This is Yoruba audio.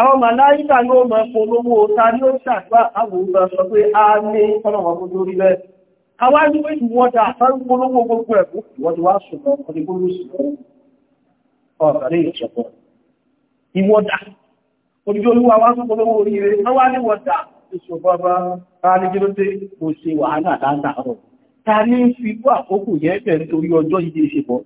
àwọn màláíkà ló mọ̀ polówó ta ní ó ṣàgbà àwòrán sọ pé a ní ọlọ́wọ́ tó lórí rẹ̀ àwọn àjíwé ìwọ́ta àtàrí polówó gbogbo ẹ̀kú ìwọ́n ti wá ṣùgbọ́n ọdí gbogbo ṣùgbọ́n ọ̀rẹ́ ìṣọ̀pọ̀ ìwọ́ta ojú olúwa wá tó polówó oríire wọ́n wá ní wọ́ta ìṣọ̀pọ̀ bá bá ní kí ló dé kò ṣe wàhálà dáadáa rọ̀ ta ní fi kó àkókò yẹn bẹ̀rẹ̀ torí ọjọ́ ìdí ìṣèpọ̀